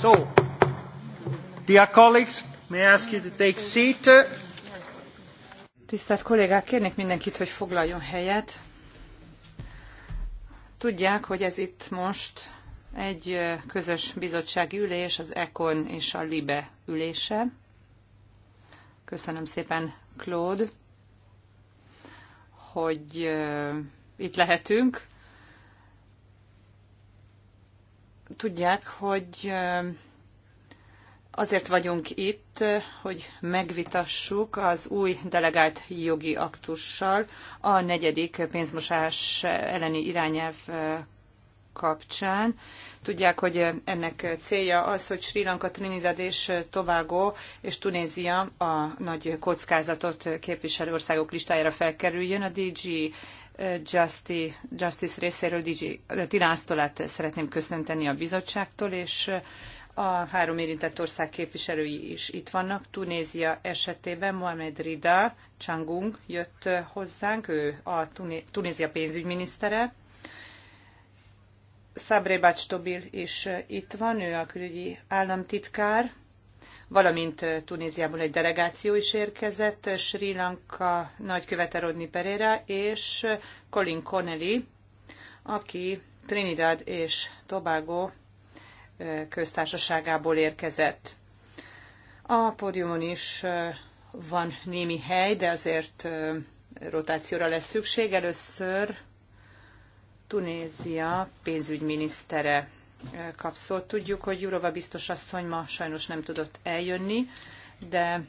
So, dear colleagues, may I ask you to take seat? Tisztelt kollégák, kérnék mindenkit, hogy foglaljon helyet. Tudják, hogy ez itt most egy közös bizottsági ülés, az ECON és a LIBE ülése. Köszönöm szépen, Claude, hogy itt lehetünk tudják, hogy eh, azért vagyunk itt, eh, hogy megvitassuk az új delegált jogi aktussal a negyedik pénzmosás elleni irányelv eh, kapcsán. Tudják, hogy ennek célja az, hogy Sri Lanka, Trinidad és Tobago és Tunézia a nagy kockázatot képviselő országok listájára felkerüljön. A DG Justice, Justice részéről DG Tinásztolát szeretném köszönteni a bizottságtól, és a három érintett ország képviselői is itt vannak. Tunézia esetében Mohamed Rida Changung jött hozzánk, ő a Tunézia pénzügyminisztere. Sabre Bács Tobil is itt van, ő a külügyi államtitkár, valamint Tunéziából egy delegáció is érkezett, Sri Lanka nagykövete Rodney Pereira és Colin Connelly, aki Trinidad és Tobago köztársaságából érkezett. A pódiumon is van némi hely, de azért rotációra lesz szükség. Először Tunézia pénzügyminisztere kapszót. Tudjuk, hogy Jurova biztos asszony ma sajnos nem tudott eljönni, de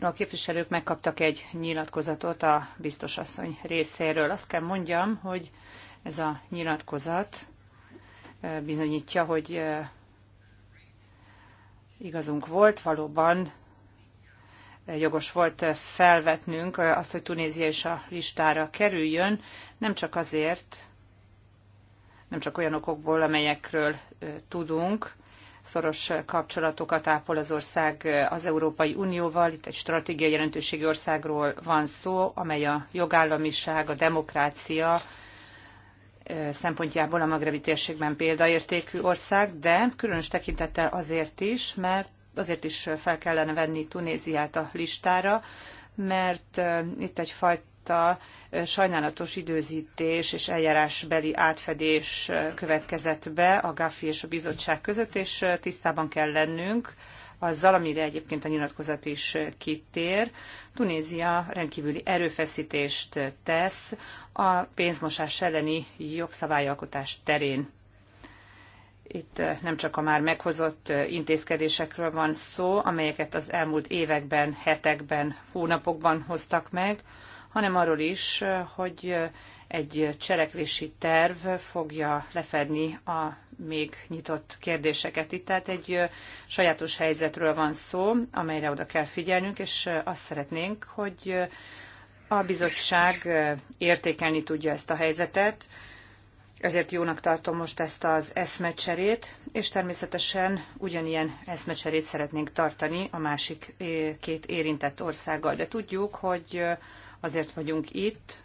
a képviselők megkaptak egy nyilatkozatot a biztos asszony részéről. Azt kell mondjam, hogy ez a nyilatkozat bizonyítja, hogy igazunk volt, valóban jogos volt felvetnünk azt, hogy Tunézia is a listára kerüljön, nem csak azért, nem csak olyan okokból, amelyekről tudunk, szoros kapcsolatokat ápol az ország az Európai Unióval. Itt egy stratégiai jelentőségi országról van szó, amely a jogállamiság, a demokrácia szempontjából a magrebi térségben példaértékű ország, de különös tekintettel azért is, mert azért is fel kellene venni Tunéziát a listára, mert itt egyfajta a sajnálatos időzítés és eljárásbeli átfedés következett be a GAFI és a bizottság között, és tisztában kell lennünk azzal, amire egyébként a nyilatkozat is kitér. Tunézia rendkívüli erőfeszítést tesz a pénzmosás elleni jogszabályalkotás terén. Itt nem csak a már meghozott intézkedésekről van szó, amelyeket az elmúlt években, hetekben, hónapokban hoztak meg, hanem arról is, hogy egy cselekvési terv fogja lefedni a még nyitott kérdéseket itt. Tehát egy sajátos helyzetről van szó, amelyre oda kell figyelnünk, és azt szeretnénk, hogy a bizottság értékelni tudja ezt a helyzetet, ezért jónak tartom most ezt az eszmecserét, és természetesen ugyanilyen eszmecserét szeretnénk tartani a másik eh, két érintett országgal. De tudjuk, hogy eh, azért vagyunk itt,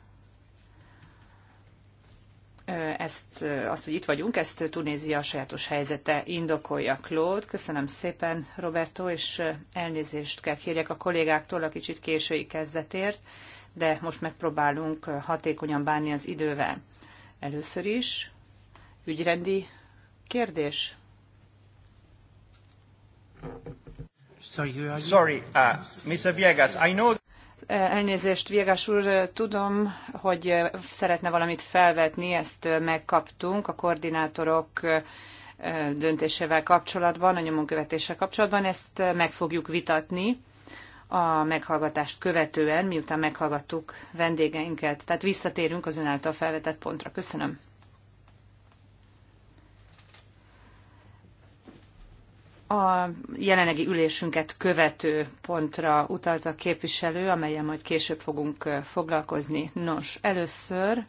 ezt, azt, hogy itt vagyunk, ezt Tunézia sajátos helyzete indokolja. Claude, köszönöm szépen Roberto, és elnézést kell kérjek a kollégáktól a kicsit késői kezdetért, de most megpróbálunk hatékonyan bánni az idővel. Először is ügyrendi kérdés. Sorry, Sorry uh, Mr. Viegas, I know... Elnézést, Virgás úr, tudom, hogy szeretne valamit felvetni, ezt megkaptunk a koordinátorok döntésével kapcsolatban, a nyomonkövetéssel kapcsolatban, ezt meg fogjuk vitatni a meghallgatást követően, miután meghallgattuk vendégeinket. Tehát visszatérünk az ön által felvetett pontra. Köszönöm. a jelenlegi ülésünket követő pontra utalt a képviselő, amelyen majd később fogunk foglalkozni. Nos, először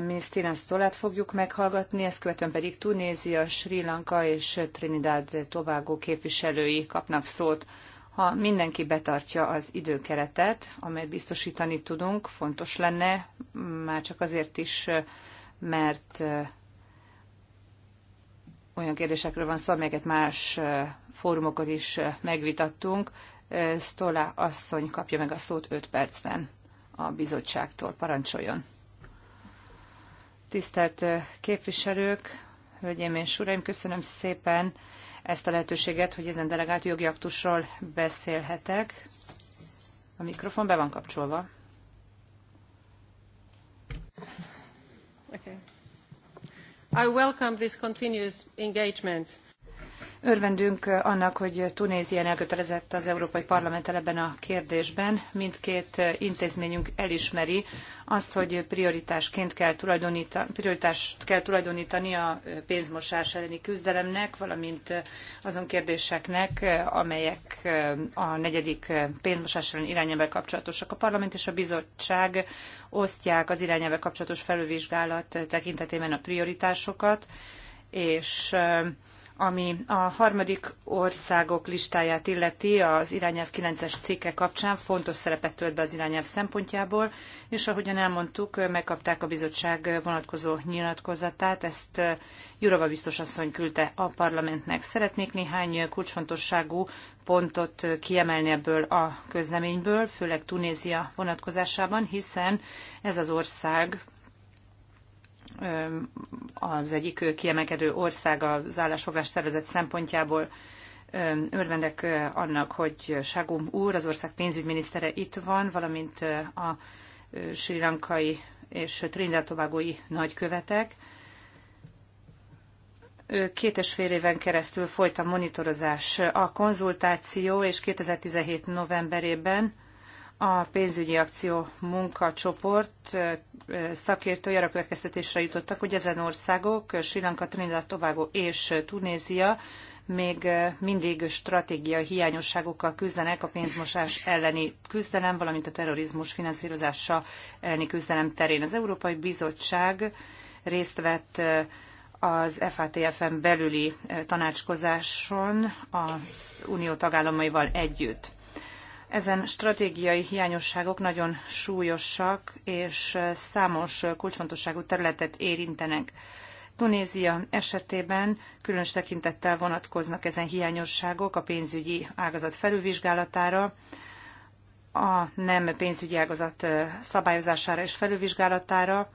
Minisztina Stolát fogjuk meghallgatni, ezt követően pedig Tunézia, Sri Lanka és Trinidad Tobago képviselői kapnak szót. Ha mindenki betartja az időkeretet, amelyet biztosítani tudunk, fontos lenne, már csak azért is, mert olyan kérdésekről van szó, amelyeket más fórumokon is megvitattunk. Stola asszony kapja meg a szót 5 percben a bizottságtól. Parancsoljon! Tisztelt képviselők, hölgyeim és uraim, köszönöm szépen ezt a lehetőséget, hogy ezen delegált jogi aktusról beszélhetek. A mikrofon be van kapcsolva. Okay i welcome this continuous engagement Örvendünk annak, hogy Tunézien elkötelezett az Európai Parlament ebben a kérdésben. Mindkét intézményünk elismeri azt, hogy prioritásként kell tulajdonítani, prioritást kell tulajdonítani a pénzmosás elleni küzdelemnek, valamint azon kérdéseknek, amelyek a negyedik pénzmosás elleni irányelvvel kapcsolatosak. A parlament és a bizottság osztják az irányelvvel kapcsolatos felülvizsgálat tekintetében a prioritásokat, és ami a harmadik országok listáját illeti az irányelv 9-es cikke kapcsán fontos szerepet tölt be az irányelv szempontjából, és ahogyan elmondtuk, megkapták a bizottság vonatkozó nyilatkozatát, ezt Jurova biztos asszony küldte a parlamentnek. Szeretnék néhány kulcsfontosságú pontot kiemelni ebből a közleményből, főleg Tunézia vonatkozásában, hiszen ez az ország az egyik kiemelkedő ország az állásfoglás tervezet szempontjából. Örvendek annak, hogy Ságum úr, az ország pénzügyminisztere itt van, valamint a Sri Lankai és Trinidad Tobágói nagykövetek. Két és fél éven keresztül folyt a monitorozás, a konzultáció, és 2017 novemberében a pénzügyi akció munkacsoport szakértői arra következtetésre jutottak, hogy ezen országok, Sri Lanka, Trinidad, Tobago és Tunézia még mindig stratégiai hiányosságokkal küzdenek a pénzmosás elleni küzdelem, valamint a terrorizmus finanszírozása elleni küzdelem terén. Az Európai Bizottság részt vett az FATF-en belüli tanácskozáson az unió tagállamaival együtt. Ezen stratégiai hiányosságok nagyon súlyosak, és számos kulcsfontosságú területet érintenek. Tunézia esetében különös tekintettel vonatkoznak ezen hiányosságok a pénzügyi ágazat felülvizsgálatára, a nem pénzügyi ágazat szabályozására és felülvizsgálatára,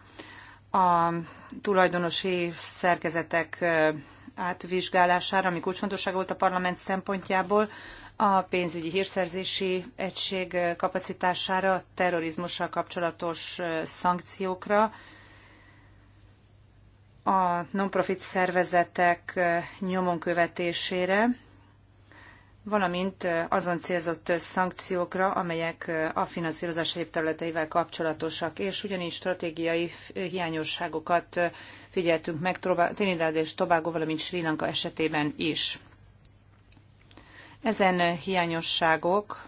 a tulajdonosi szerkezetek átvizsgálására, ami kulcsfontosság volt a parlament szempontjából, a pénzügyi hírszerzési egység kapacitására, a terrorizmussal kapcsolatos szankciókra, a non-profit szervezetek nyomon követésére, valamint azon célzott szankciókra, amelyek a finanszírozás egyéb területeivel kapcsolatosak, és ugyanígy stratégiai hiányosságokat figyeltünk meg Trinidad és Tobago, valamint Sri Lanka esetében is. Ezen hiányosságok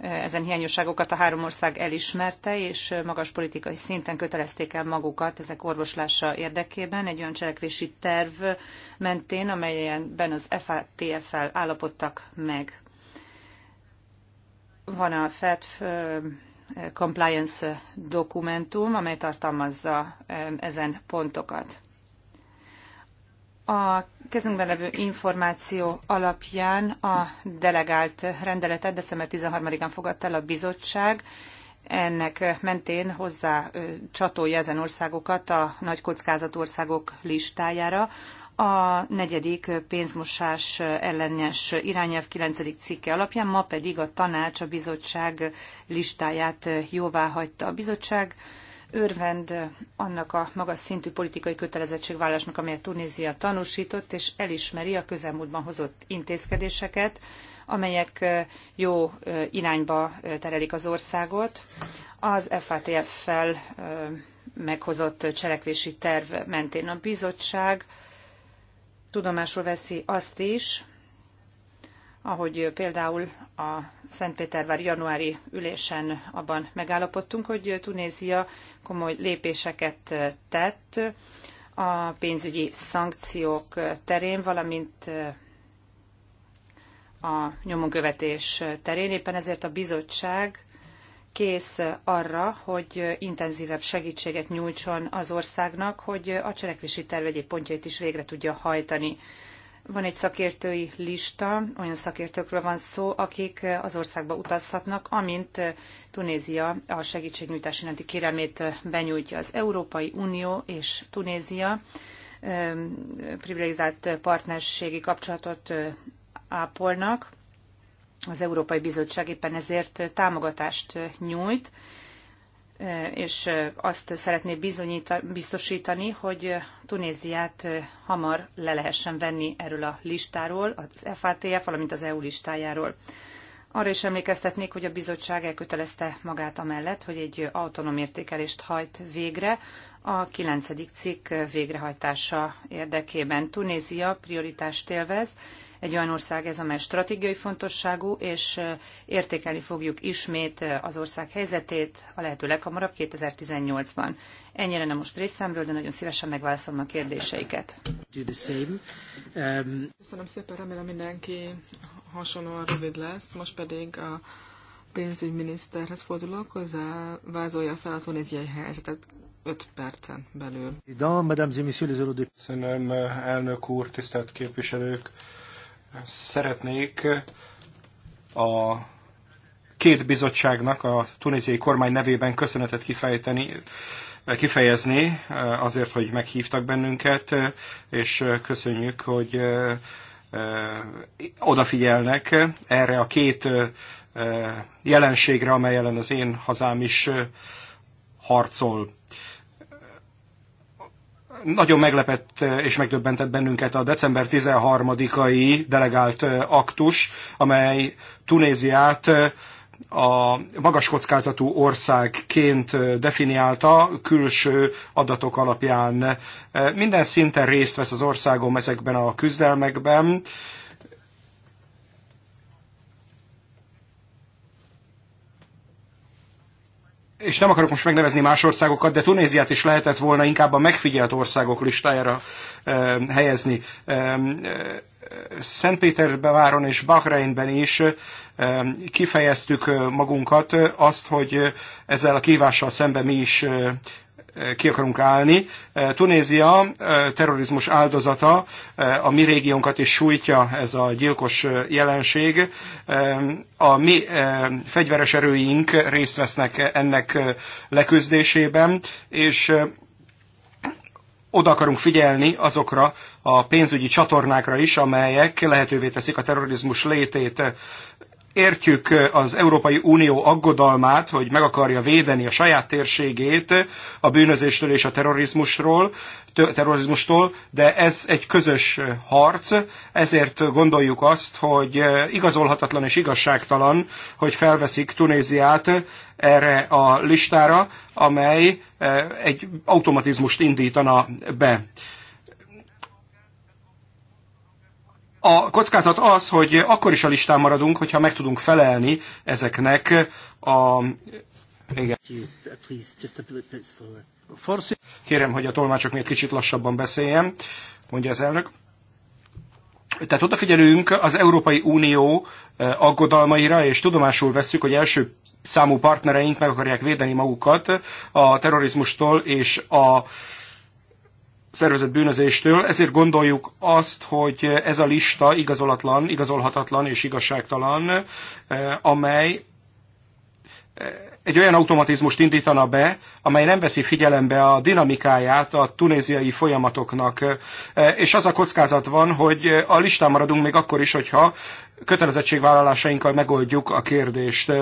ezen hiányosságokat a három ország elismerte, és magas politikai szinten kötelezték el magukat ezek orvoslása érdekében egy olyan cselekvési terv mentén, amelyenben az FATF-el állapodtak meg. Van a FATF e compliance dokumentum, amely tartalmazza ezen pontokat. A kezünkben levő információ alapján a delegált rendeletet december 13-án fogadta el a bizottság, ennek mentén hozzá csatolja ezen országokat a nagy kockázat országok listájára. A negyedik pénzmosás ellenes irányelv 9. cikke alapján ma pedig a tanács a bizottság listáját jóvá hagyta. A bizottság örvend annak a magas szintű politikai kötelezettségvállásnak, amelyet Tunézia tanúsított, és elismeri a közelmúltban hozott intézkedéseket, amelyek jó irányba terelik az országot. Az FATF-fel meghozott cselekvési terv mentén a bizottság tudomásul veszi azt is, ahogy például a Szentpétervár januári ülésen abban megállapodtunk, hogy Tunézia komoly lépéseket tett a pénzügyi szankciók terén, valamint a nyomonkövetés terén. Éppen ezért a bizottság kész arra, hogy intenzívebb segítséget nyújtson az országnak, hogy a cselekvési terv egyéb pontjait is végre tudja hajtani. Van egy szakértői lista, olyan szakértőkről van szó, akik eh, az országba utazhatnak, amint eh, Tunézia a segítségnyújtás iránti kérelmét eh, benyújtja. Az Európai Unió és Tunézia privilegizált partnerségi kapcsolatot ápolnak. Az Európai Bizottság éppen ezért támogatást nyújt Eh, és eh, azt szeretné biztosítani, hogy eh, Tunéziát hamar le lehessen venni erről a listáról, az FATF, valamint az EU listájáról. Arra is emlékeztetnék, hogy a bizottság elkötelezte magát amellett, hogy egy autonóm értékelést hajt végre a kilencedik cikk végrehajtása érdekében. Tunézia prioritást élvez, egy olyan ország ez, amely stratégiai fontosságú, és értékelni fogjuk ismét az ország helyzetét a lehető leghamarabb 2018-ban. Ennyire nem most részemről, de nagyon szívesen megválaszolom a kérdéseiket. Um, Köszönöm szépen, remélem mindenki hasonlóan rövid lesz. Most pedig a pénzügyminiszterhez fordulok, hozzá vázolja fel a tunéziai helyzetet 5 percen belül. Köszönöm, elnök úr, tisztelt képviselők! szeretnék eh, a két bizottságnak a tunéziai kormány nevében köszönetet kifejteni, eh, kifejezni eh, azért, hogy meghívtak bennünket, és köszönjük, hogy odafigyelnek erre a két jelenségre, amely ellen az én hazám is harcol. Nagyon meglepett eh, és megdöbbentett bennünket a december 13-ai delegált eh, aktus, amely Tunéziát eh, a magas kockázatú országként definiálta külső adatok alapján. Minden szinten részt vesz az országom ezekben a küzdelmekben és nem akarok most megnevezni más országokat, de Tunéziát is lehetett volna inkább a megfigyelt országok listájára e, helyezni. E, e, Szentpéterbeváron és Bahreinben is e, kifejeztük magunkat azt, hogy ezzel a kívással szemben mi is Eh, ki akarunk állni. Eh, Tunézia eh, terrorizmus áldozata, a mi régiónkat is sújtja ez a gyilkos jelenség. A mi fegyveres erőink részt vesznek ennek leküzdésében, és oda akarunk figyelni azokra a pénzügyi csatornákra is, amelyek lehetővé teszik a terrorizmus létét értjük eh, az Európai Unió aggodalmát, hogy meg akarja védeni a saját térségét a bűnözéstől és a terrorizmusról, terrorizmustól, de ez egy közös eh, harc, ezért gondoljuk azt, hogy eh, igazolhatatlan és igazságtalan, hogy felveszik Tunéziát erre a listára, amely egy automatizmust indítana be. A kockázat az, hogy akkor is a listán maradunk, hogyha meg tudunk felelni ezeknek a... Igen. Uh, Kérem, hogy a tolmácsok miért kicsit lassabban beszéljen, mondja az elnök. Tehát odafigyelünk az Európai Unió uh, aggodalmaira, és tudomásul vesszük, hogy első számú partnereink meg akarják védeni magukat a terrorizmustól és a szervezett bűnözéstől, ezért gondoljuk azt, hogy ez a lista igazolatlan, igazolhatatlan és igazságtalan, eh, amely eh, egy olyan automatizmust indítana be, amely nem veszi figyelembe a dinamikáját a tunéziai folyamatoknak. Eh, és az a kockázat van, hogy a listán maradunk még akkor is, hogyha kötelezettségvállalásainkkal megoldjuk a kérdést.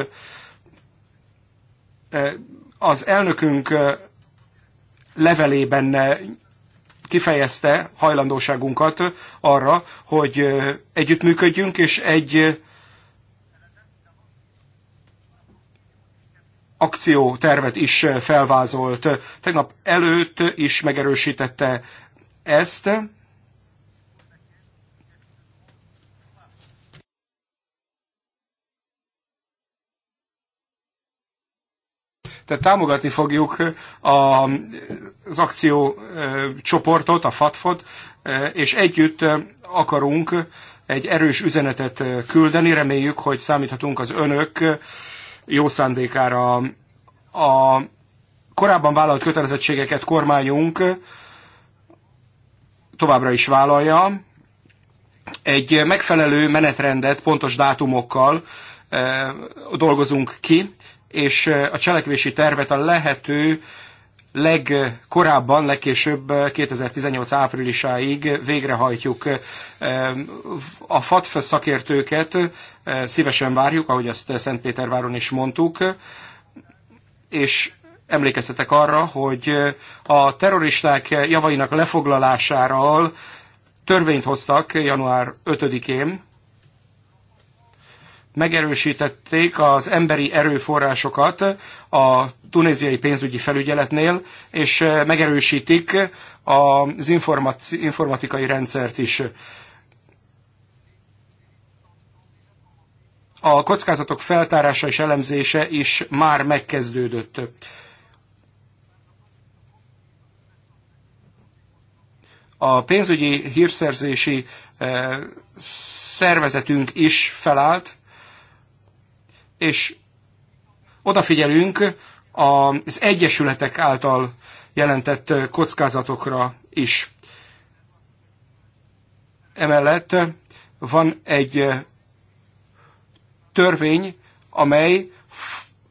Az elnökünk levelében kifejezte hajlandóságunkat arra, hogy együttműködjünk, és egy akciótervet is felvázolt. Tegnap előtt is megerősítette ezt, Tehát támogatni fogjuk a, az csoportot, a FATFot, és együtt akarunk egy erős üzenetet küldeni. Reméljük, hogy számíthatunk az önök jó szándékára. A korábban vállalt kötelezettségeket kormányunk továbbra is vállalja. Egy megfelelő menetrendet pontos dátumokkal dolgozunk ki, és a cselekvési tervet a lehető legkorábban, legkésőbb 2018 áprilisáig végrehajtjuk. A FATF szakértőket szívesen várjuk, ahogy azt Szentpéterváron is mondtuk, és emlékeztetek arra, hogy a terroristák javainak lefoglalásáról törvényt hoztak január 5-én, megerősítették az emberi erőforrásokat a tunéziai pénzügyi felügyeletnél, és eh, megerősítik az informatikai rendszert is. A kockázatok feltárása és elemzése is már megkezdődött. A pénzügyi hírszerzési eh, szervezetünk is felállt, és odafigyelünk az egyesületek által jelentett kockázatokra is. Emellett van egy törvény, amely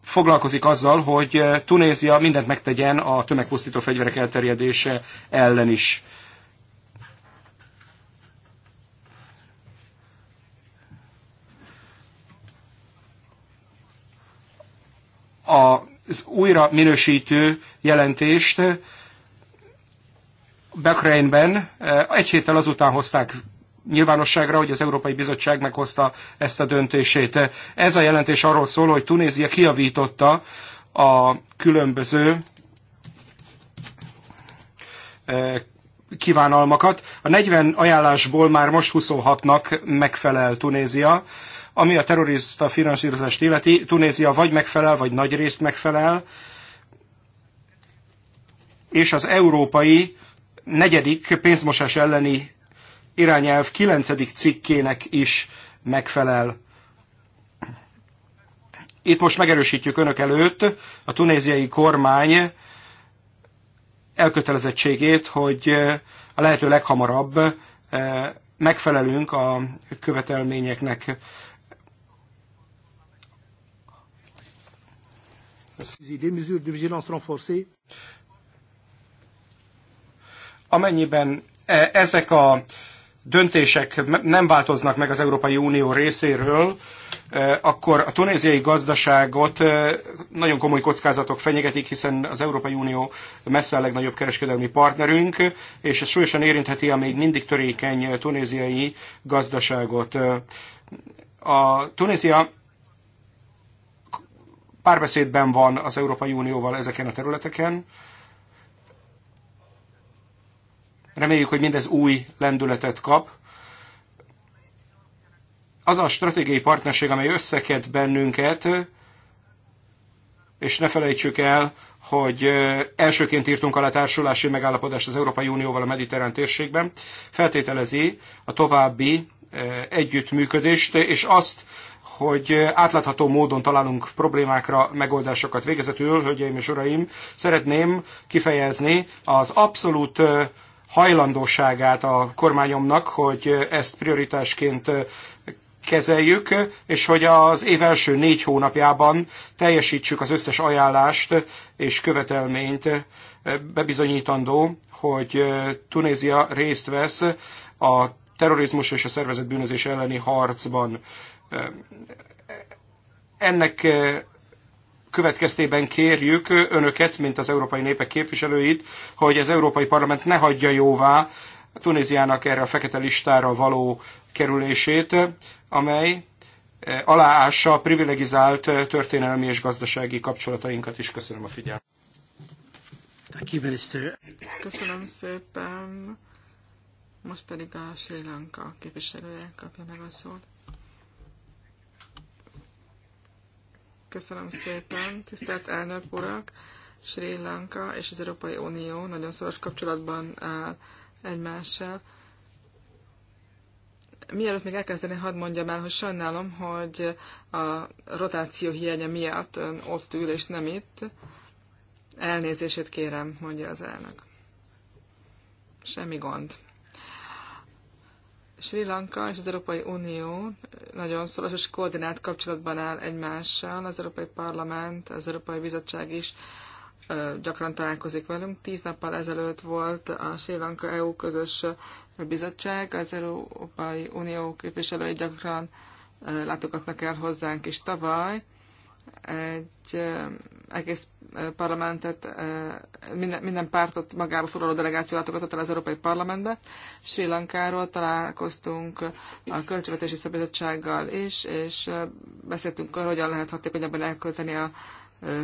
foglalkozik azzal, hogy Tunézia mindent megtegyen a tömegpusztító fegyverek elterjedése ellen is. az újra minősítő jelentést Bekreinben egy héttel azután hozták nyilvánosságra, hogy az Európai Bizottság meghozta ezt a döntését. Ez a jelentés arról szól, hogy Tunézia kiavította a különböző kívánalmakat. A 40 ajánlásból már most 26-nak megfelel Tunézia, ami a terrorista finanszírozást illeti. Tunézia vagy megfelel, vagy nagy részt megfelel, és az európai negyedik pénzmosás elleni irányelv kilencedik cikkének is megfelel. Itt most megerősítjük önök előtt, a tunéziai kormány elkötelezettségét, hogy a lehető leghamarabb megfelelünk a követelményeknek. Amennyiben e, ezek a döntések nem változnak meg az Európai Unió részéről, Eh, akkor a tunéziai gazdaságot eh, nagyon komoly kockázatok fenyegetik, hiszen az Európai Unió messze a legnagyobb kereskedelmi partnerünk, és ez súlyosan érintheti a még mindig törékeny tunéziai gazdaságot. Eh, a Tunézia párbeszédben van az Európai Unióval ezeken a területeken. Reméljük, hogy mindez új lendületet kap az a stratégiai partnerség, amely összeket bennünket, és ne felejtsük el, hogy elsőként írtunk alá társulási megállapodást az Európai Unióval a mediterrán térségben, feltételezi a további együttműködést, és azt, hogy átlátható módon találunk problémákra megoldásokat. Végezetül, hölgyeim és uraim, szeretném kifejezni az abszolút hajlandóságát a kormányomnak, hogy ezt prioritásként kezeljük, és hogy az év első négy hónapjában teljesítsük az összes ajánlást és követelményt bebizonyítandó, hogy Tunézia részt vesz a terrorizmus és a szervezett bűnözés elleni harcban. Ennek következtében kérjük önöket, mint az európai népek képviselőit, hogy az Európai Parlament ne hagyja jóvá Tunéziának erre a fekete listára való kerülését, amely eh, aláássa a privilegizált eh, történelmi és gazdasági kapcsolatainkat is. Köszönöm a figyelmet. Köszönöm szépen. Most pedig a Sri Lanka képviselője kapja meg a szót. Köszönöm szépen, tisztelt elnök urak! Sri Lanka és az Európai Unió nagyon szoros kapcsolatban áll egymással. Mielőtt még elkezdeni, hadd mondjam el, hogy sajnálom, hogy a rotáció hiánya miatt ön ott ül, és nem itt. Elnézését kérem, mondja az elnök. Semmi gond. Sri Lanka és az Európai Unió nagyon szoros és koordinált kapcsolatban áll egymással. Az Európai Parlament, az Európai Bizottság is gyakran találkozik velünk. Tíz nappal ezelőtt volt a Sri Lanka EU közös bizottság, az Európai Unió képviselői gyakran látogatnak el hozzánk, és tavaly egy egész parlamentet, minden, minden pártot magába foglaló delegáció látogatott el az Európai Parlamentbe. Sri Lankáról találkoztunk a Költségvetési Szabadsággal is, és beszéltünk arról, hogyan lehet hatékonyabban elkölteni a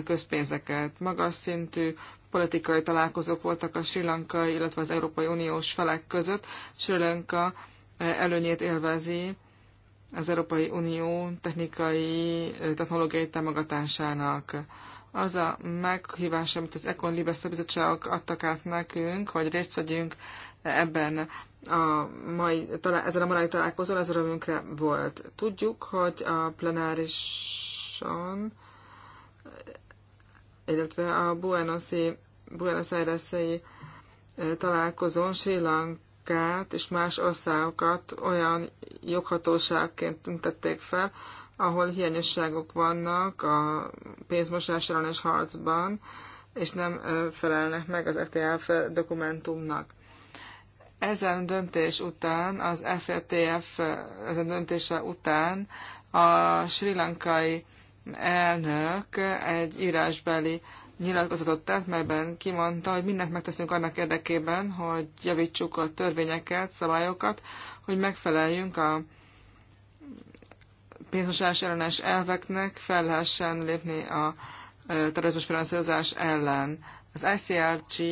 közpénzeket. Magas szintű politikai találkozók voltak a Sri Lankai, illetve az Európai Uniós felek között. Sri Lanka eh, előnyét élvezi az Európai Unió technikai, eh, technológiai támogatásának. Az a meghívás, amit az Econ Libes bizottságok adtak át nekünk, hogy részt vegyünk ebben a mai, talál, ezen a mai találkozón, az örömünkre volt. Tudjuk, hogy a plenárison illetve a Buenos-i, Buenos buenos aires találkozón Sri Lankát és más országokat olyan joghatóságként tüntették fel, ahol hiányosságok vannak a pénzmosás ellenes harcban, és nem felelnek meg az FTF dokumentumnak. Ezen döntés után, az FTF ezen döntése után a sri lankai elnök egy írásbeli nyilatkozatot tett, melyben kimondta, hogy mindent megteszünk annak érdekében, hogy javítsuk a törvényeket, szabályokat, hogy megfeleljünk a pénzmosás ellenes elveknek, fel lehessen lépni a terrorizmus finanszírozás ellen. Az ICRG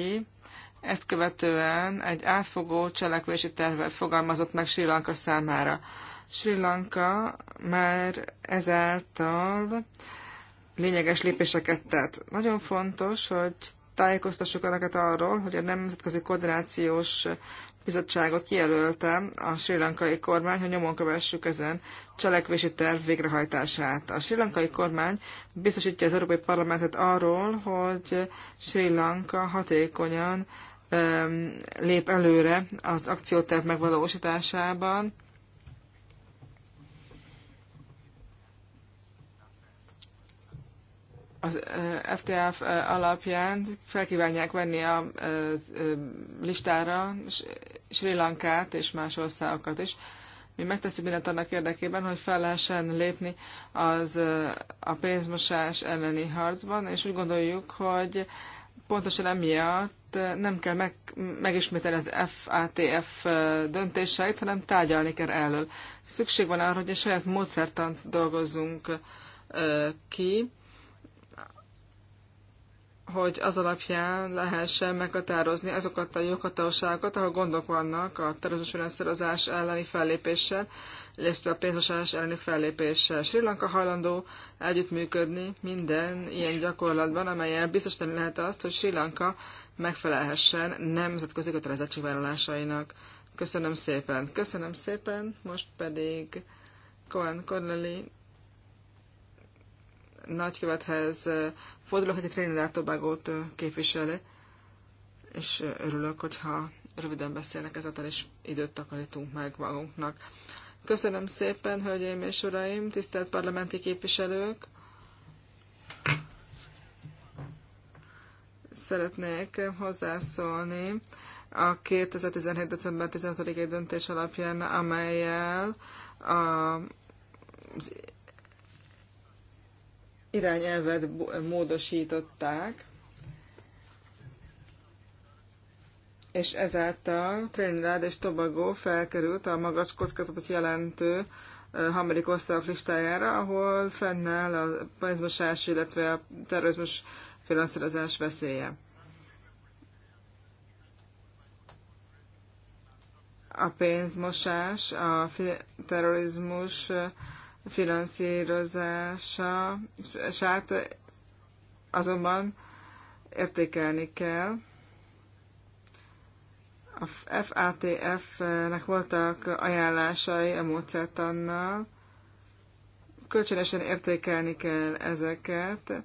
ezt követően egy átfogó cselekvési tervet fogalmazott meg Sri Lanka számára. Sri Lanka már ezáltal lényeges lépéseket tett. Nagyon fontos, hogy tájékoztassuk önöket arról, hogy a Nemzetközi Koordinációs Bizottságot kijelölte a sri lankai kormány, hogy nyomon kövessük ezen cselekvési terv végrehajtását. A sri lankai kormány biztosítja az Európai Parlamentet arról, hogy Sri Lanka hatékonyan lép előre az akcióterv megvalósításában, az FTF alapján felkívánják venni a listára Sri Lankát és más országokat is. Mi megtesszük mindent annak érdekében, hogy fel lehessen lépni az, a pénzmosás elleni harcban, és úgy gondoljuk, hogy pontosan emiatt nem kell meg, megismételni az FATF döntéseit, hanem tárgyalni kell elől. Szükség van arra, hogy a saját módszertant dolgozzunk ki, hogy az alapján lehessen meghatározni azokat a joghatóságokat, ahol gondok vannak a terrorizmus finanszírozás elleni fellépéssel, illetve a pénzosás elleni fellépéssel. Sri Lanka hajlandó együttműködni minden ilyen gyakorlatban, amelyen biztosítani lehet azt, hogy Sri Lanka megfelelhessen nemzetközi kötelezettségvállalásainak. Köszönöm szépen. Köszönöm szépen, most pedig Cohen Connelly nagykövethez fordulok, aki Trinidad Tobágót képviseli, és örülök, hogyha röviden beszélnek, ezáltal és időt takarítunk meg magunknak. Köszönöm szépen, hölgyeim és uraim, tisztelt parlamenti képviselők! Szeretnék hozzászólni a 2017. december 15-i döntés alapján, amelyel a, az irányelvet módosították, és ezáltal Trinidad és Tobago felkerült a magas kockázatot jelentő hamarik országok listájára, ahol fennáll a pénzmosás, illetve a terrorizmus finanszírozás veszélye. A pénzmosás, a terrorizmus hát azonban értékelni kell. A FATF-nek voltak ajánlásai a módszertannal, kölcsönösen értékelni kell ezeket.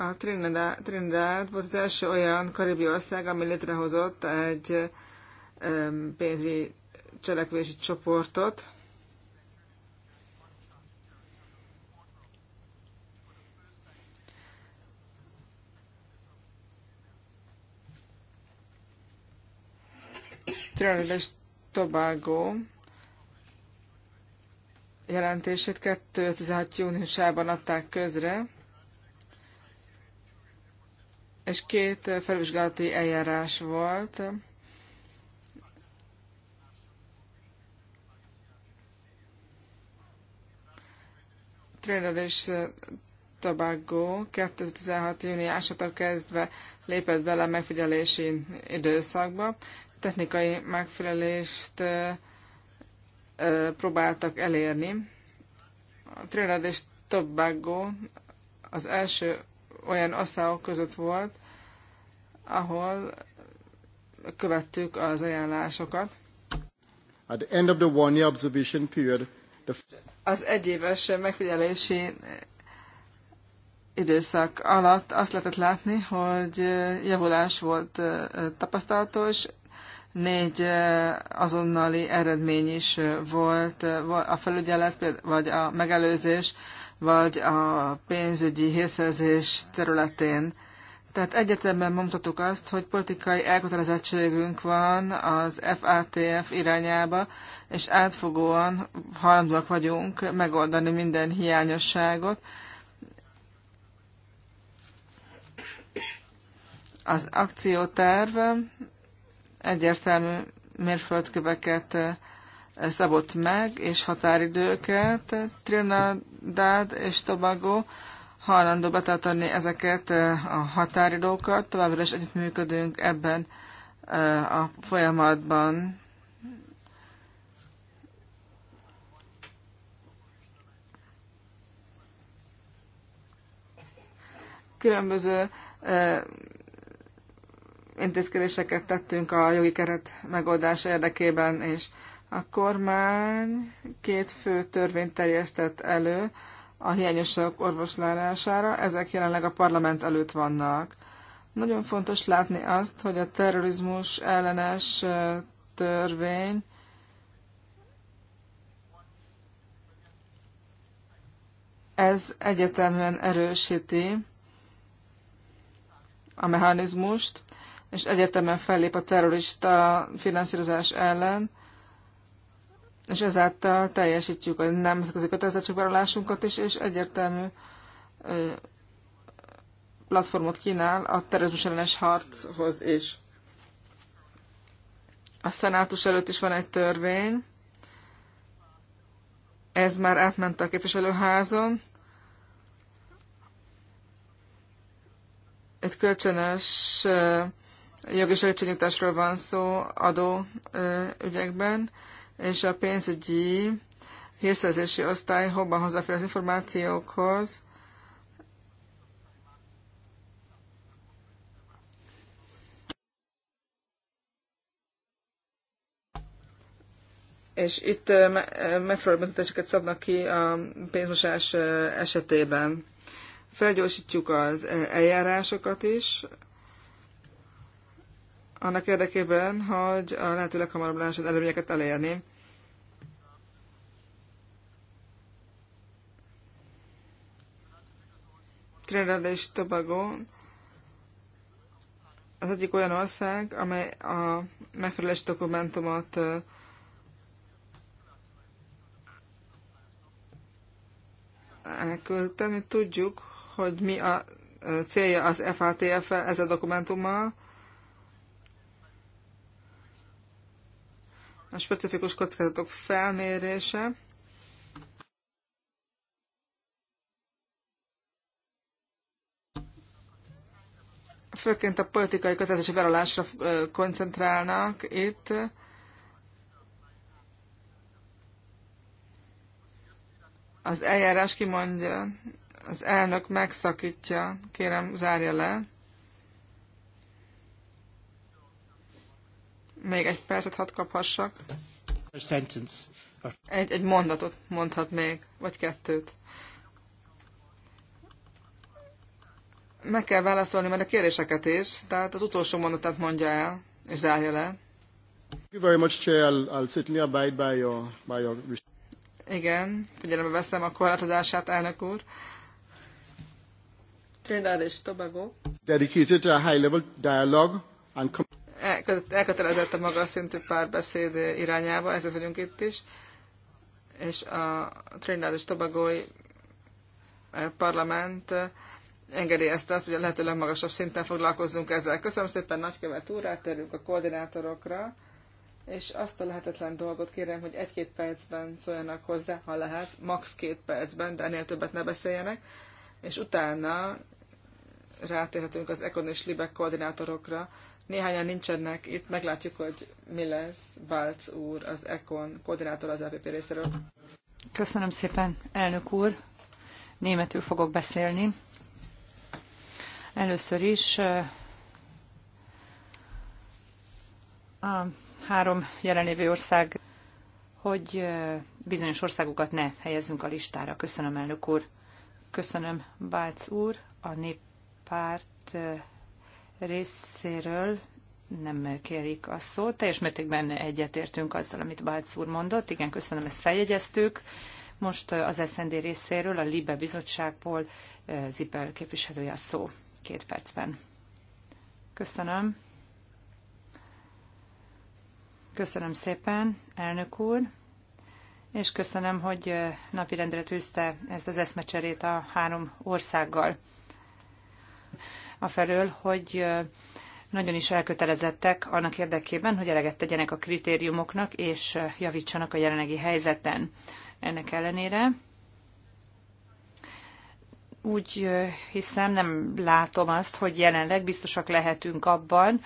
A Trinidad, Trinidad volt az első olyan karibi ország, ami létrehozott egy pénzügyi cselekvési csoportot, Trinidad és Tobago jelentését 2016. júniusában adták közre és két eh, felvizsgálati eljárás volt. Trinidad és eh, Tobago 2016. júniásától kezdve lépett bele a megfigyelési időszakba. Technikai megfelelést eh, próbáltak elérni. A Trinidad és Tobago az első olyan országok között volt, ahol követtük az ajánlásokat. At the end of the one year observation period, the... Az egyéves megfigyelési időszak alatt azt lehetett látni, hogy javulás volt tapasztalható, és négy azonnali eredmény is volt, a felügyelet vagy a megelőzés vagy a pénzügyi hírszerzés területén. Tehát egyetemben mondhatjuk azt, hogy politikai elkötelezettségünk van az FATF irányába, és átfogóan hajlandóak vagyunk megoldani minden hiányosságot. Az akcióterv egyértelmű mérföldköveket szabott meg, és határidőket. Trinidad és Tobago hajlandó betartani ezeket eh, a határidókat, továbbra is együttműködünk ebben eh, a folyamatban. Különböző eh, intézkedéseket tettünk a jogi keret megoldása érdekében, és a kormány két fő törvényt terjesztett elő a hiányosok orvoslálására, ezek jelenleg a parlament előtt vannak. Nagyon fontos látni azt, hogy a terrorizmus ellenes törvény ez egyetemen erősíti a mechanizmust, és egyetemen fellép a terrorista finanszírozás ellen, és ezáltal teljesítjük a nemzetközi kötelezettségvállalásunkat is, és egyértelmű platformot kínál a terrorizmus ellenes harchoz is. A szenátus előtt is van egy törvény, ez már átment a képviselőházon. egy kölcsönös jogi segítségnyújtásról van szó adó ügyekben és a pénzügyi hírszerzési osztály hobban hozzáfér az információkhoz, és itt megfelelő büntetéseket szabnak ki a pénzmosás esetében. Felgyorsítjuk az eljárásokat is, annak érdekében, hogy a lehető leghamarabb lehessen előnyeket elérni. Trinidad és Tobago az egyik olyan ország, amely a megfelelési dokumentumot elküldte. Mi tudjuk, hogy mi a célja az FATF-el, ez a dokumentummal, a specifikus kockázatok felmérése. Főként a politikai kötelezési vállalásra koncentrálnak itt. Az eljárás kimondja, az elnök megszakítja, kérem zárja le. Még egy percet hadd kaphassak. Egy, egy mondatot mondhat még, vagy kettőt. Meg kell válaszolni mert a kéréseket is, tehát az utolsó mondatát mondja el, és zárja le. Igen, figyelembe veszem a korlátozását, elnök úr. Trinidad és Tobago. Dedicated a high-level dialogue and elkötelezett a magas szintű párbeszéd irányába, ezért vagyunk itt is, és a Trinidad és Tobagói eh, parlament eh, engedélyezte azt, hogy a lehető legmagasabb szinten foglalkozzunk ezzel. Köszönöm szépen nagykövet úr, átterünk a koordinátorokra, és azt a lehetetlen dolgot kérem, hogy egy-két percben szóljanak hozzá, ha lehet, max. két percben, de ennél többet ne beszéljenek, és utána rátérhetünk az Econ és Libek koordinátorokra, Néhányan nincsenek itt, meglátjuk, hogy mi lesz Balc úr, az ECON koordinátor az EPP részéről. Köszönöm szépen, elnök úr. Németül fogok beszélni. Először is eh, a három jelenlévő ország, hogy eh, bizonyos országokat ne helyezzünk a listára. Köszönöm, elnök úr. Köszönöm, Bálc úr, a néppárt eh, részéről nem kérik a szót. Teljes mértékben egyetértünk azzal, amit Bálc úr mondott. Igen, köszönöm, ezt feljegyeztük. Most az SND részéről, a LIBE bizottságból eh, Zipel képviselője a szó két percben. Köszönöm. Köszönöm szépen, elnök úr, és köszönöm, hogy eh, napirendre tűzte ezt az eszmecserét a három országgal afelől, hogy nagyon is elkötelezettek annak érdekében, hogy eleget tegyenek a kritériumoknak és javítsanak a jelenlegi helyzeten. Ennek ellenére úgy hiszem, nem látom azt, hogy jelenleg biztosak lehetünk abban,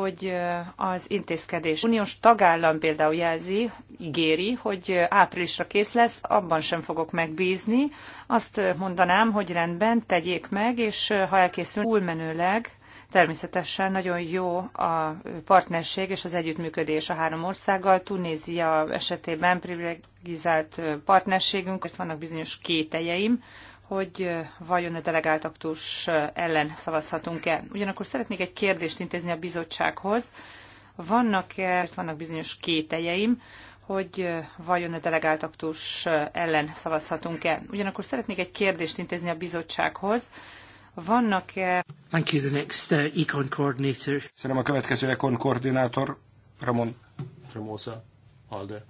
hogy az intézkedés uniós tagállam például jelzi, ígéri, hogy áprilisra kész lesz, abban sem fogok megbízni. Azt mondanám, hogy rendben, tegyék meg, és ha elkészül túlmenőleg, Természetesen nagyon jó a partnerség és az együttműködés a három országgal. Tunézia esetében privilegizált partnerségünk, ott vannak bizonyos kételjeim, hogy vajon a delegált aktus ellen szavazhatunk-e. Ugyanakkor szeretnék egy kérdést intézni a bizottsághoz. Vannak-e, vannak bizonyos kételjeim, hogy vajon a delegált aktus ellen szavazhatunk-e. Ugyanakkor szeretnék egy kérdést intézni a bizottsághoz. Vannak-e... Thank you, the next uh, econ coordinator. Szerintem a következő econ koordinátor Ramon Ramosa Alde.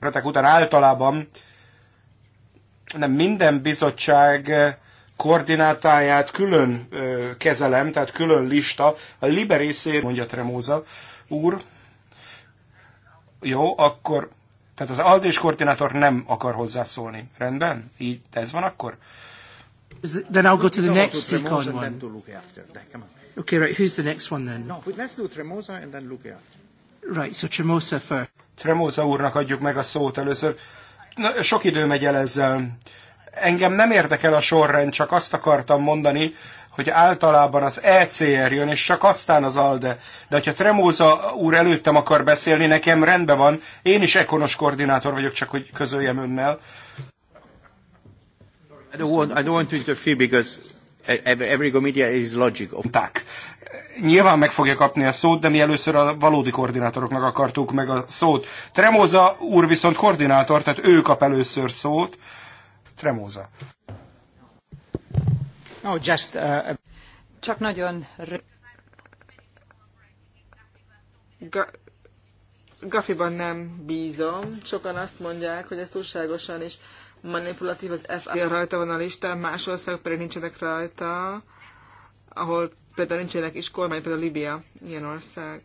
Retek után általában nem minden bizottság koordinátáját külön kezelem, tehát külön lista. A Liber részéről, mondja Tremóza úr, jó, akkor tehát az aldés koordinátor nem akar hozzászólni. Rendben? Így ez van akkor? Then I'll go to the next on one. Okay, right, who's the next one then? No, let's do Tremosa and then look after. Right, so Tremosa first. Tremosa úrnak adjuk meg a szót először sok idő megy el ezzel. Engem nem érdekel a sorrend, csak azt akartam mondani, hogy általában az ECR jön, és csak aztán az ALDE. De hogyha Tremóza úr előttem akar beszélni, nekem rendben van, én is ekonos koordinátor vagyok, csak hogy közöljem önnel. I don't want, I don't want to interfere because every is logical. Nyilván meg fogja kapni a szót, de mi először a valódi koordinátoroknak akartuk meg a szót. Tremóza úr viszont koordinátor, tehát ő kap először szót. Tremóza. No, just, uh... Csak nagyon... G- Gafiban nem bízom. Sokan azt mondják, hogy ez túlságosan is manipulatív, az FA rajta van a listán, más országok pedig nincsenek rajta, ahol például nincsenek is kormány, például Libia, ilyen ország.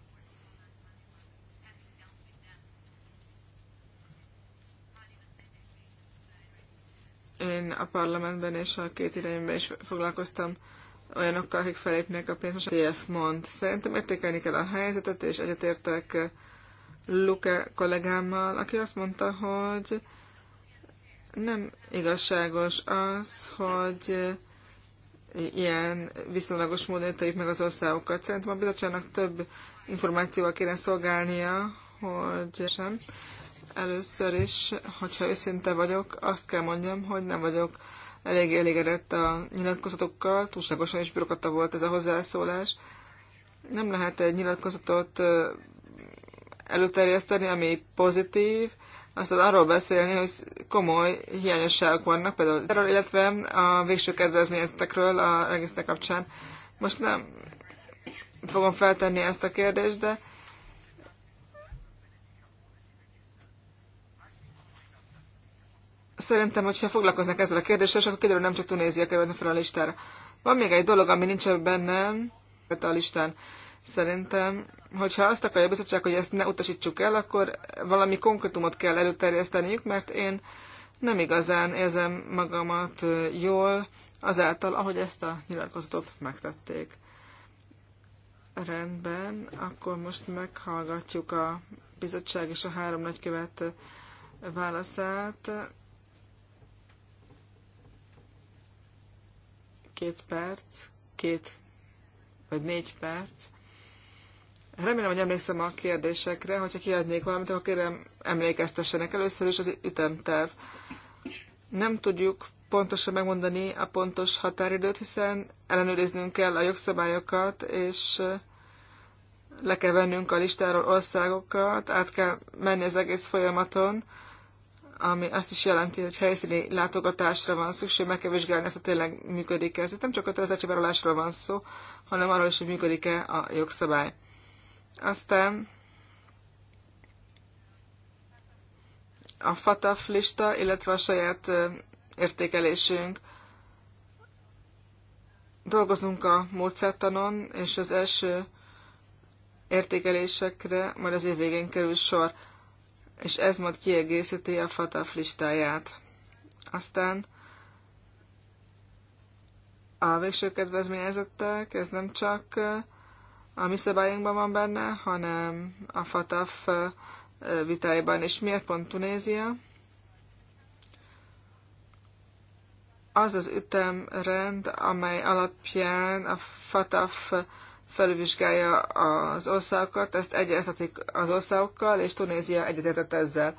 Én a parlamentben és a két irányban is foglalkoztam olyanokkal, akik felépnek a pénzt. TF mond. Szerintem értékelni kell a helyzetet, és egyetértek Luke kollégámmal, aki azt mondta, hogy nem igazságos az, hogy ilyen viszonylagos módon ítéljük meg az országokat. Szerintem a bizottságnak több információval kéne szolgálnia, hogy sem. Először is, hogyha őszinte vagyok, azt kell mondjam, hogy nem vagyok elég elégedett a nyilatkozatokkal, túlságosan is bürokata volt ez a hozzászólás. Nem lehet egy nyilatkozatot előterjeszteni, ami pozitív, aztán arról beszélni, hogy komoly hiányosságok vannak, például erről, illetve a végső kedvezményezetekről a regiszter kapcsán. Most nem fogom feltenni ezt a kérdést, de szerintem, hogyha foglalkoznak ezzel a kérdéssel, akkor kiderül, nem csak Tunézia kerülne fel a listára. Van még egy dolog, ami nincs benne a listán. Szerintem, hogyha azt akarja a bizottság, hogy ezt ne utasítsuk el, akkor valami konkrétumot kell előterjeszteniük, mert én nem igazán érzem magamat jól azáltal, ahogy ezt a nyilatkozatot megtették. Rendben, akkor most meghallgatjuk a bizottság és a három nagykövet válaszát. Két perc, két vagy négy perc. Remélem, hogy emlékszem a kérdésekre, hogyha kiadnék valamit, akkor kérem emlékeztessenek. Először is az ütemterv. Nem tudjuk pontosan megmondani a pontos határidőt, hiszen ellenőriznünk kell a jogszabályokat, és eh, le kell vennünk a listáról országokat, át kell menni az egész folyamaton, ami azt is jelenti, hogy helyszíni látogatásra van szükség, meg kell vizsgálni ezt, hogy tényleg működik e ez. nem csak a kötelezettségvállalásról van szó, hanem arról is, hogy működik-e a jogszabály. Aztán a FATAF lista, illetve a saját értékelésünk. Dolgozunk a módszertanon, és az első értékelésekre majd az év végén kerül sor, és ez majd kiegészíti a FATAF listáját. Aztán a végső kedvezményezettek, ez nem csak a mi szabályunkban van benne, hanem a FATAF vitáiban. És miért pont Tunézia? Az az ütemrend, amely alapján a FATAF felülvizsgálja az országokat, ezt egyeztetik az országokkal, és Tunézia egyetértett ezzel.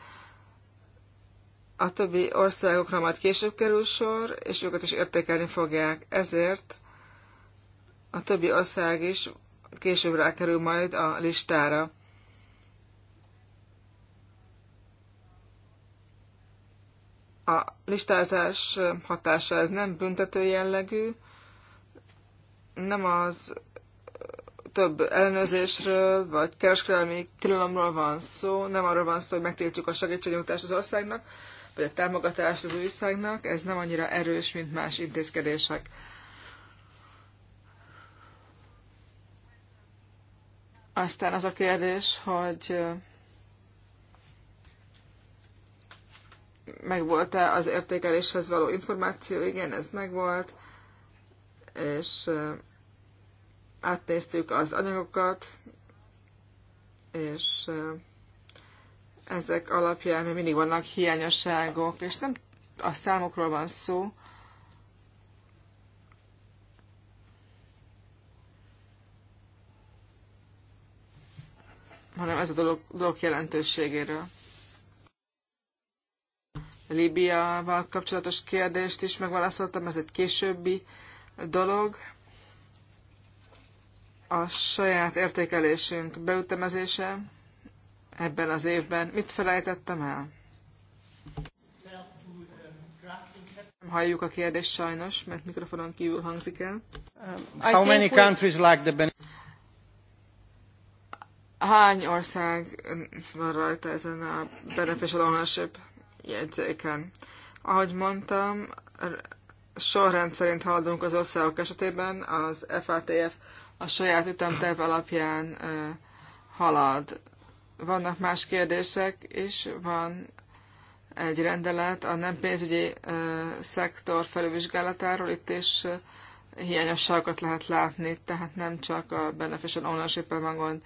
A többi országokra majd később kerül sor, és őket is értékelni fogják. Ezért a többi ország is később rákerül majd a listára. A listázás hatása ez nem büntető jellegű, nem az több ellenőrzésről, vagy kereskedelmi tilalomról van szó, nem arról van szó, hogy megtiltjuk a segítségnyújtást az országnak, vagy a támogatást az újságnak, ez nem annyira erős, mint más intézkedések. Aztán az a kérdés, hogy megvolt-e az értékeléshez való információ, igen, ez megvolt, és átnéztük az anyagokat, és ezek alapján még mindig vannak hiányosságok, és nem a számokról van szó, hanem ez a dolog, dolog jelentőségéről. Líbiával kapcsolatos kérdést is megválaszoltam, ez egy későbbi dolog. A saját értékelésünk beütemezése ebben az évben. Mit felejtettem el? Nem halljuk a kérdést sajnos, mert mikrofonon kívül hangzik el. Um, How many countries lack the Hány ország van rajta ezen a beneficial ownership jegyzéken? Ahogy mondtam, sorrend szerint haladunk az országok esetében, az FATF a saját ütemterv alapján halad. Vannak más kérdések is, van egy rendelet a nem pénzügyi szektor felülvizsgálatáról, itt is hiányosságokat lehet látni, tehát nem csak a beneficial ownership-el van gond.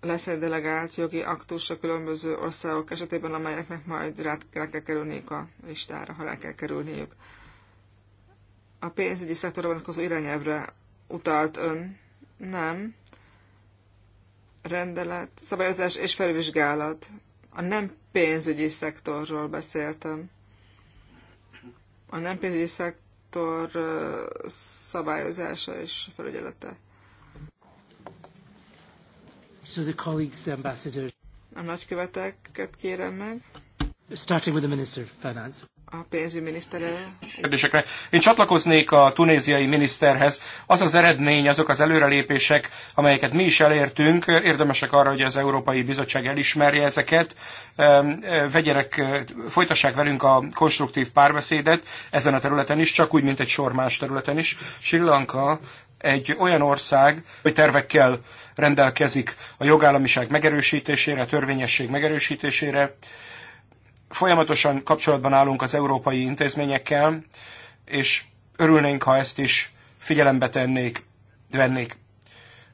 lesz egy delegált jogi aktus a különböző országok esetében, amelyeknek majd rá, rá kell kerülniük a listára, ha rá kell kerülniük. A pénzügyi szektorra vonatkozó irányelvre utalt ön? Nem. Rendelet, szabályozás és felvizsgálat. A nem pénzügyi szektorról beszéltem. A nem pénzügyi szektor szabályozása és felügyelete. So the colleagues, the ambassador. A nagyköveteket kérem meg. Starting with the minister of finance. A pénzügyminiszterrel. Kérdésekre. Én csatlakoznék a tunéziai miniszterhez. Az az eredmény, azok az előrelépések, amelyeket mi is elértünk, érdemesek arra, hogy az Európai Bizottság elismerje ezeket. Ehm, e, Vegyerek e, folytassák velünk a konstruktív párbeszédet ezen a területen is, csak úgy, mint egy sor más területen is. Sri Lanka egy olyan ország, hogy tervekkel rendelkezik a jogállamiság megerősítésére, a törvényesség megerősítésére. Folyamatosan kapcsolatban állunk az európai intézményekkel, és örülnénk, ha ezt is figyelembe tennék, vennék.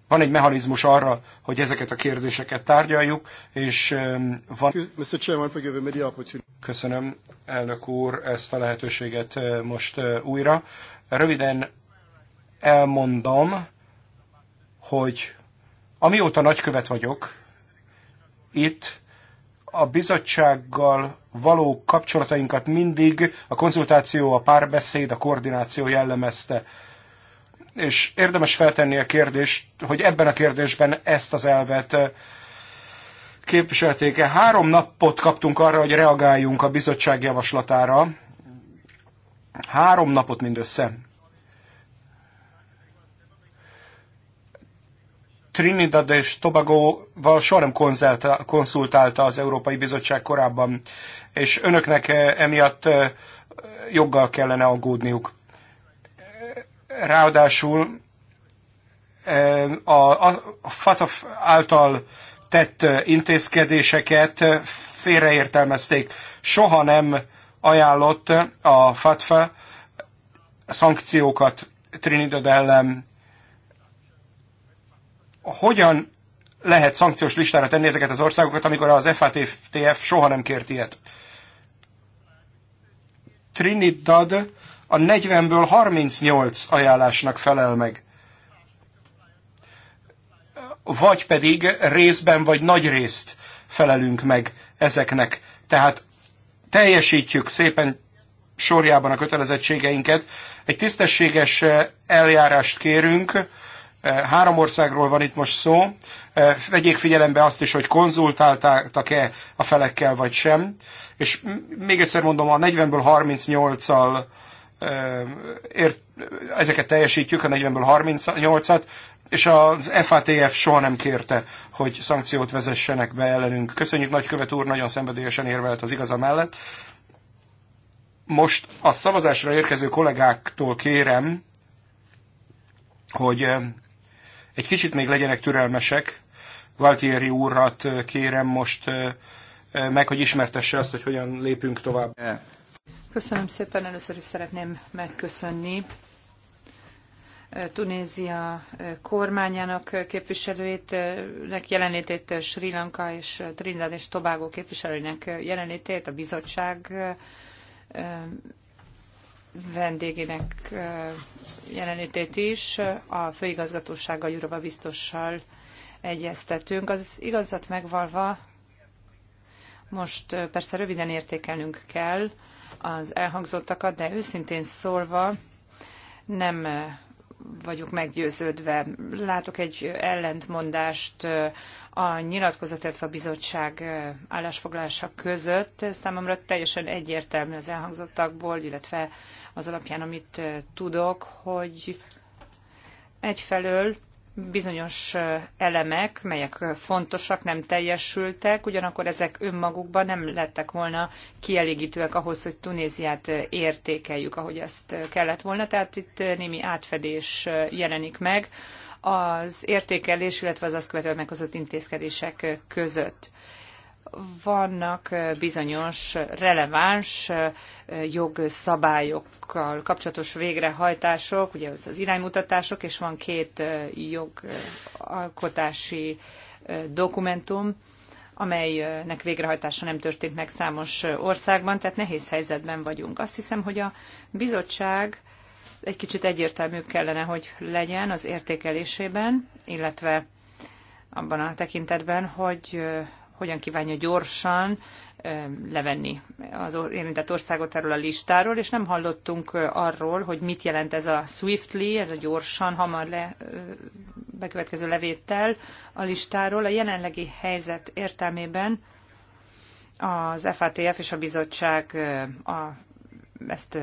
Van egy mechanizmus arra, hogy ezeket a kérdéseket tárgyaljuk, és um, van... Köszönöm, elnök úr, ezt a lehetőséget uh, most uh, újra. Röviden elmondom, hogy amióta nagykövet vagyok, itt a bizottsággal való kapcsolatainkat mindig a konzultáció, a párbeszéd, a koordináció jellemezte. És érdemes feltenni a kérdést, hogy ebben a kérdésben ezt az elvet eh, képviselték-e. Három napot kaptunk arra, hogy reagáljunk a bizottság javaslatára. Három napot mindössze. Trinidad és Tobago-val soha nem konzultálta az Európai Bizottság korábban, és önöknek eh, emiatt eh, joggal kellene aggódniuk. Ráadásul eh, a, FATF által tett intézkedéseket félreértelmezték. Soha nem ajánlott a FATF szankciókat Trinidad ellen hogyan lehet szankciós listára tenni ezeket az országokat, amikor az FATF soha nem kért ilyet. Trinidad a 40-ből 38 ajánlásnak felel meg. Vagy pedig részben vagy nagy részt felelünk meg ezeknek. Tehát teljesítjük szépen sorjában a kötelezettségeinket. Egy tisztességes eljárást kérünk, Eh, három országról van itt most szó. Eh, vegyék figyelembe azt is, hogy konzultáltak-e a felekkel vagy sem. És még egyszer mondom, a 40-ből 38-al eh, ért, ezeket teljesítjük, a 40-ből 38-at, és az FATF soha nem kérte, hogy szankciót vezessenek be ellenünk. Köszönjük, nagykövet úr, nagyon szenvedélyesen érvelt az igaza mellett. Most a szavazásra érkező kollégáktól kérem, hogy egy kicsit még legyenek türelmesek. Valtieri úrat eh, kérem most eh, eh, meg, hogy ismertesse azt, hogy hogyan lépünk tovább. Köszönöm szépen. Először is szeretném megköszönni Tunézia kormányának képviselőjét, jelenlétét Sri Lanka és Trinidad és Tobago képviselőinek jelenlétét, a bizottság vendégének jelenlétét is a főigazgatósággal, Jurova biztossal egyeztetünk. Az igazat megvalva most persze röviden értékelnünk kell az elhangzottakat, de őszintén szólva nem vagyok meggyőződve. Látok egy ellentmondást a nyilatkozat, illetve a bizottság állásfoglalása között számomra teljesen egyértelmű az elhangzottakból, illetve az alapján, amit tudok, hogy egyfelől bizonyos elemek, melyek fontosak, nem teljesültek, ugyanakkor ezek önmagukban nem lettek volna kielégítőek ahhoz, hogy Tunéziát értékeljük, ahogy ezt kellett volna. Tehát itt némi átfedés jelenik meg az értékelés, illetve az azt követően meghozott intézkedések között vannak bizonyos releváns jogszabályokkal kapcsolatos végrehajtások, ugye az iránymutatások, és van két jogalkotási dokumentum, amelynek végrehajtása nem történt meg számos országban, tehát nehéz helyzetben vagyunk. Azt hiszem, hogy a bizottság egy kicsit egyértelműbb kellene, hogy legyen az értékelésében, illetve abban a tekintetben, hogy hogyan kívánja gyorsan levenni az érintett országot erről a listáról, és nem hallottunk arról, hogy mit jelent ez a swiftly, ez a gyorsan, hamar le, bekövetkező levétel a listáról. A jelenlegi helyzet értelmében az FATF és a bizottság a, ezt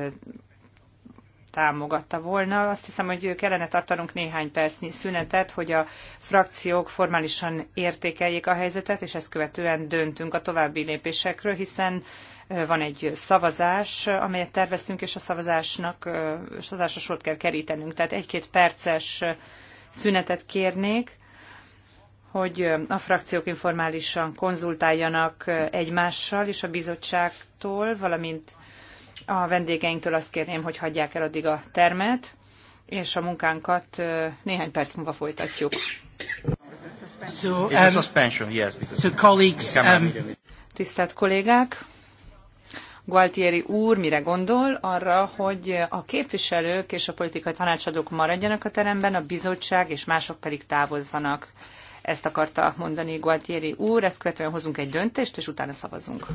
támogatta volna. Azt hiszem, hogy kellene tartanunk néhány percnyi szünetet, hogy a frakciók formálisan értékeljék a helyzetet, és ezt követően döntünk a további lépésekről, hiszen van egy szavazás, amelyet terveztünk, és a szavazásnak szavazásra sort kell kerítenünk. Tehát egy-két perces szünetet kérnék, hogy a frakciók informálisan konzultáljanak egymással és a bizottságtól, valamint a vendégeinktől azt kérném, hogy hagyják el addig a termet, és a munkánkat néhány perc múlva folytatjuk. So, um, yes, so colleagues, um... Tisztelt kollégák! Gualtieri úr mire gondol arra, hogy a képviselők és a politikai tanácsadók maradjanak a teremben, a bizottság és mások pedig távozzanak. Ezt akarta mondani Gualtieri úr, ezt követően hozunk egy döntést, és utána szavazunk.